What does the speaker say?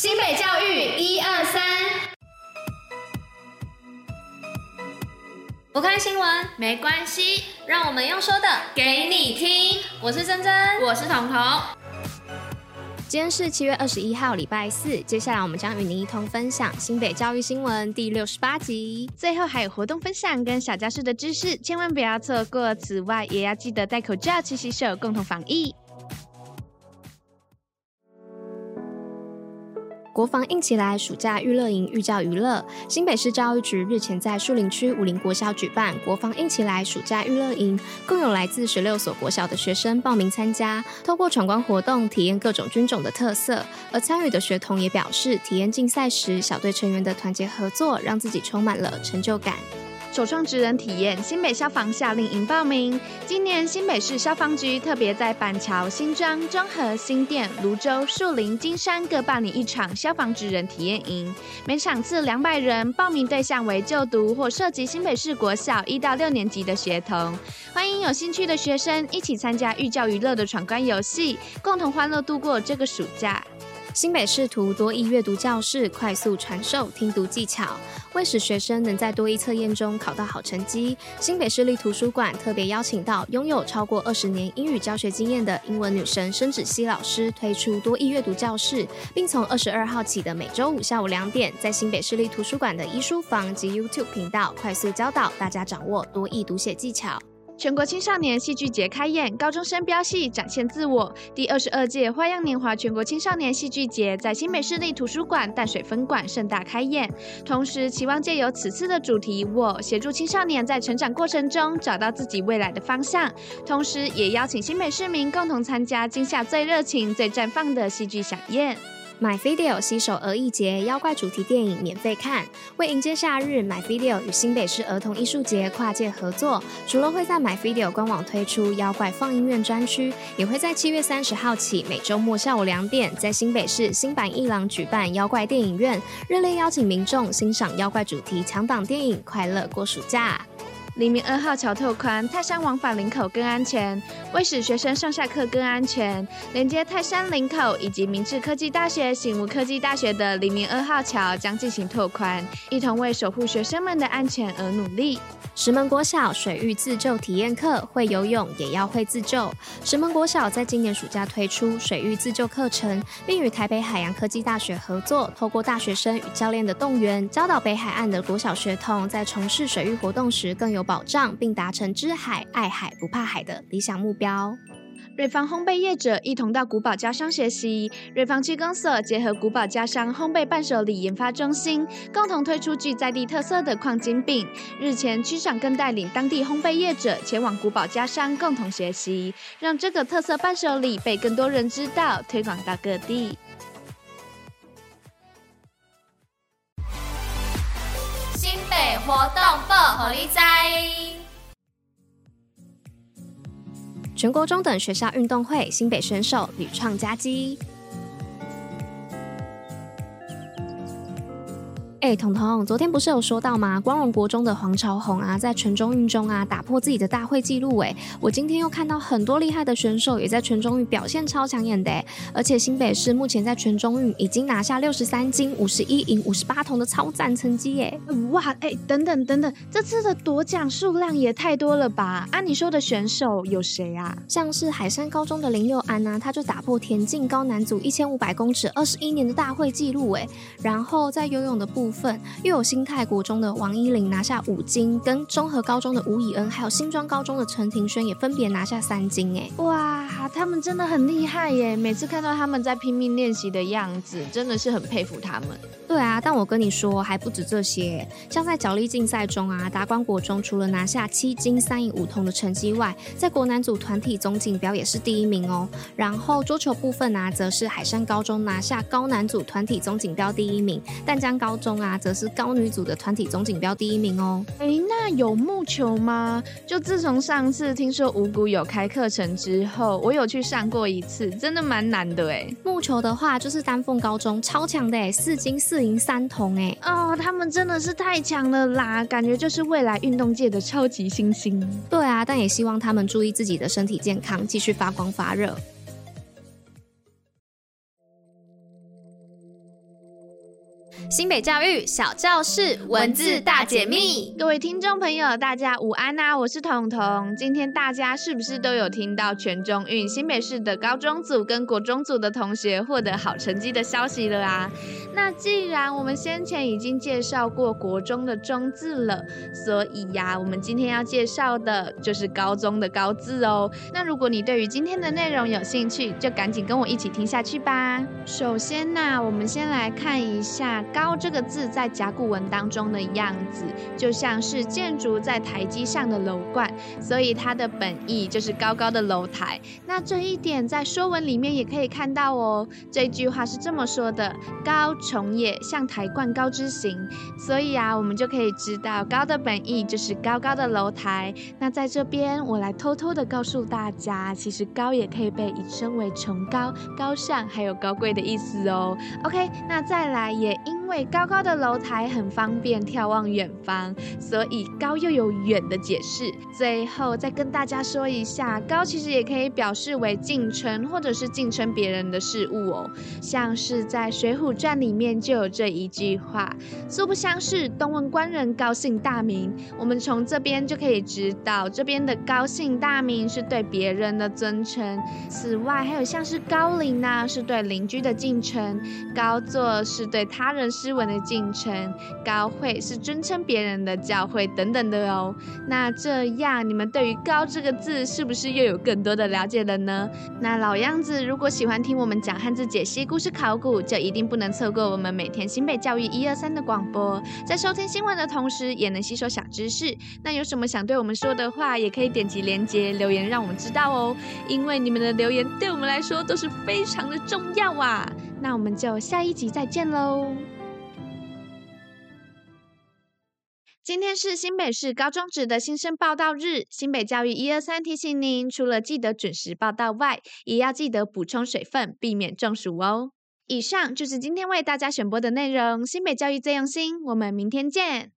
新北教育一二三，1, 2, 不看新聞沒關係，讓我們用說的給你聽。我是珍珍，我是彤彤。今天是七月二十一號，禮拜四。接下來我們將與您一同分享新北教育新聞第六十八集，最後還有活動分享跟小教室的知識，千萬不要錯過。此外，也要記得戴口罩、勤洗手，共同防疫。國防 IN 起來暑假育樂營寓教於樂。新北市教育局日前在樹林區武林國小舉辦國防 IN 起來暑假育樂營，共有來自十六所國小的學生報名參加。透過闖關活動，體驗各種軍種的特色，而參與的學童也表示，體驗競賽時小隊成員的團結合作，讓自己充滿了成就感。首創職人體驗，新北消防夏令營報名。今年新北市消防局特別在板橋、新莊、中和、新店、蘆洲、樹林、金山各辦理一場消防職人體驗營，每場次兩百人，報名對象為就讀或涉及新北市國小一到六年級的學童。歡迎有興趣的學生一起參加寓教於樂的闖關遊戲，共同歡樂度過這個暑假。新北市圖多益閱讀教室，快速傳授聽讀技巧。為使學生能在多益測驗中考到好成績，新北市立圖書館特別邀請到擁有超過二十年英語教學經驗的英文女神申芷熙老師，推出多益閱讀教室，並從二十二號起的每週五下午兩點，在新北市立圖書館的一書房及 YouTube 頻道快速教導大家掌握多益讀寫技巧。全國青少年戲劇節開演，高中生飆戲展現自我。第二十二屆花樣年華全國青少年戲劇節在新北市立圖書館淡水分館盛大開演。同時，期望借由此次的主題“我”，協助青少年在成長過程中找到自己未來的方向。同時，也邀請新北市民共同參加今夏最熱情、最綻放的戲劇饗宴。MyVideo 攜手兒藝節妖怪主題電影免費看，為迎接夏日，MyVideo 與新北市兒童藝術節跨界合作，除了會在 MyVideo 官網推出妖怪放映院專區，也會在七月三十號起，每週末下午兩點，在新北市新板藝廊舉辦妖怪電影院，熱烈邀請民眾欣賞妖怪主題搶檔電影，快樂過暑假。黎明二號橋拓寬，泰山往返林口更安全。為使學生上下課更安全，連接泰山林口以及明志科技大學、醒吾科技大學的黎明二號橋將進行拓寬，一同為守護學生們的安全而努力。石門國小水域自救體驗課，會游泳也要會自救。石門國小在今年暑假推出水域自救課程，並與臺北海洋科技大學合作，透過大學生與教練的動員，教導北海岸的國小學童在從事水域活動時更有。保障並達成知海、愛海、不怕海的理想目標。瑞芳烘焙業者一同到穀保家商學習，瑞芳區公所結合穀保家商烘焙伴手禮研發中心，共同推出具在地特色的礦井餅。日前，區長更帶領當地烘焙業者前往穀保家商共同學習，讓這個特色伴手禮被更多人知道，推廣到各地。新北活動。虎哩知。全國中等學校運動會，新北選手屢創佳績。哎、欸，彤彤，昨天不是有說到嗎？光榮國中的黃朝宏啊，在全中運中啊，打破自己的大會紀錄。哎，我今天又看到很多厲害的選手也在全中運表現超搶眼的、欸。而且新北市目前在全中運已經拿下六十三金、五十一銀、五十八銅的超讚成績、欸。哎，哇！哎、欸，等等等等，這次的奪獎數量也太多了吧？啊，你說的選手有誰啊？像是海山高中的林佑安呢、啊，他就打破田徑高男組一千五百公尺二十一年的大會紀錄。哎，然後在游泳的部分。份又有新泰國中的王依林拿下五金，跟中和高中的吳以恩，還有新莊高中的陳庭軒也分別拿下三金。哎，哇，他們真的很厲害耶！每次看到他們在拼命練習的樣子，真的是很佩服他們。對啊，但我跟你說，還不止這些。像在角力競賽中啊，達觀國中除了拿下七金三銀五銅的成績外，在國男組團體總錦標也是第一名哦。然後桌球部分啊，則是海山高中拿下高男組團體總錦標第一名，淡江高中。啦，則是高女組的團體總錦標第一名哦。誒，那有木球嗎？就自從上次聽說五谷有開課程之後，我有去上過一次，真的蠻難的誒，木球的話，就是丹鳳高中超強的誒，四金四銀三銅誒，哦，他們真的是太強了啦，感覺就是未來運動界的超級新星。對啊，但也希望他們注意自己的身體健康，繼續發光發熱。新北教育小教室，文字大解密，各位聽眾朋友，大家午安啊！我是彤彤，今天大家是不是都有聽到全中運新北市的高中組跟國中組的同學獲得好成績的消息了啊？那既然我們先前已經介紹過國中的中字了，所以呀、啊，我們今天要介紹的就是高中的高字哦。那如果你對於今天的內容有興趣，就趕緊跟我一起聽下去吧。首先呢、啊，我們先來看一下高這個字在甲骨文當中的樣子，就像是建築在台基上的樓冠，所以它的本意就是高高的樓台。那這一點在《說文》裡面也可以看到哦。這句話是這麼說的：高。崇也，象臺觀高之形。所以啊，我們就可以知道高的本意就是高高的樓台。那在這邊，我來偷偷的告訴大家，其實高也可以被引申為崇高、高尚，還有高貴的意思哦。OK，那再來也應。因為高高的樓台很方便眺望遠方，所以高又有遠的解釋。最後再跟大家說一下，高其實也可以表示為敬稱或者是敬稱別人的事物哦。像是在《水滸傳》裡面就有這一句話：“素不相識，東問官人高姓大名。”我們從這邊就可以知道，這邊的高姓大名是對別人的尊稱。此外，還有像是高鄰呢、啊，是對鄰居的敬稱；高座是對他人詩文的敬稱，高會是尊稱別人的教誨等等的哦。那這樣，你們對於高這個字是不是又有更多的了解了呢？那老樣子，如果喜歡聽我們講漢字解析、故事考古，就一定不能錯過我們每天新北教育一二三的廣播。在收聽新聞的同時，也能吸收小知識。那有什麼想對我們說的話，也可以點擊連接留言讓我們知道哦。因為你們的留言對我們來說都是非常的重要啊。那我們就下一集再見嘍。今天是新北市高中職的新生報到日，新北教育一二三提醒您，除了記得準時報到外，也要記得補充水分，避免中暑哦。以上就是今天為大家選播的內容，新北教育最用心，我們明天見。